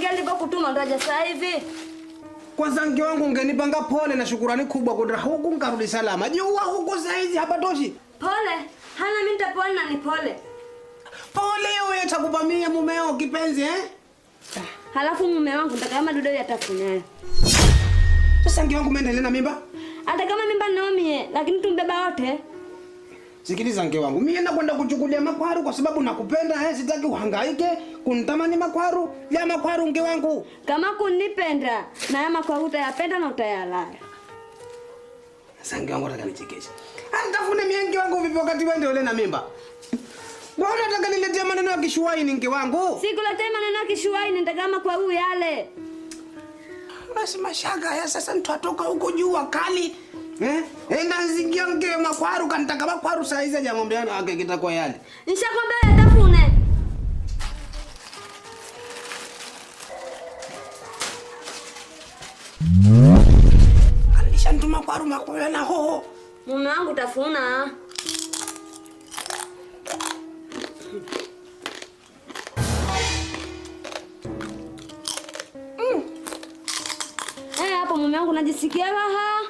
ungelipa kutuma ndaja saa hivi. Kwanza mke wangu ungenipanga pole na shukurani kubwa kudra huku nkarudi salama. Jua huku saa saizi hapatoshi. Pole. Hana mimi nitapona na ni pole. Pole wewe utakupa mimi mumeo kipenzi eh? Halafu mume wangu nataka kama dudu yatafunyayo. Sasa mke wangu mwendelee na mimba? Hata kama mimba naomie, lakini tumbeba wote. Sikiliza mke wangu, mimi nakwenda kuchukulia makwaru kwa sababu nakupenda. Eh, sitaki uhangaike kunitamani makwaru ya makwaru. Mke wangu, kama kunipenda na ya makwaru utayapenda na utayalala. Sasa mke wangu, nataka nichekeshe, anitafune ah, mie mke wangu vipi wakati wewe ndio ule na mimba? Mbona nataka niletea maneno ya kishuaini mke wangu? Sikuletee maneno ya kishuaini, nataka makwaru yale. Basi mashaka ya sasa, nitatoka huko juu wakali Eh? Enda zingia mke makwaru kanitaka makwaru saa hizi na wake kitakuwa yale. Nishakwambia Alisha Alishantuma kwaru makwaru na hoho. Mume wangu tafuna. Mm. Eh, hapo mume wangu najisikia raha.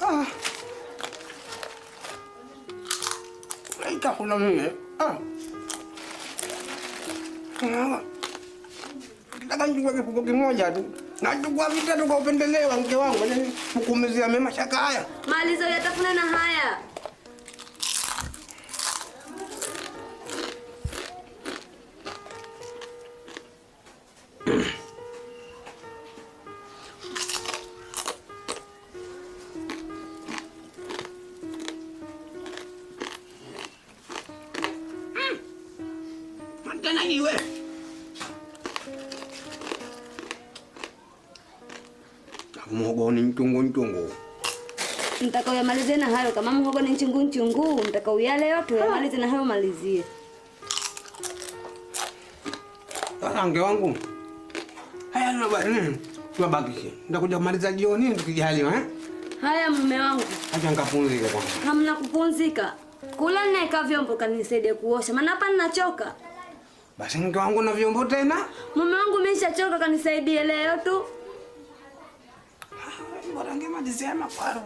Ah. Naita kuna mume. Ah. Kuna. Nataka nichukue kifuko kimoja tu. Nachukua vitatu kwa upendeleo wa mke wangu. Mkumizia yaani mema shaka haya. Maliza yatafuna na haya. Tena iwe muhogo ni mchungu mchungu, mtakauyamalizie na hayo. Kama muhogo ni mchungu mchungu, mtakauyale yote uyamalize na hayo, malizie sasa. Mke wangu, haya tunabakishe, nitakuja kumaliza jioni tukijaliwa. Eh? Haya mume wangu, acha nikapumzike. Hamna kupumzika, kula naeka vyombo kanisaidie kuosha, maana hapa ninachoka. Basi mke wangu na vyombo tena? Mume wangu meshachoka, kanisaidie leo tu. Ah, bora ngemalizia maparo.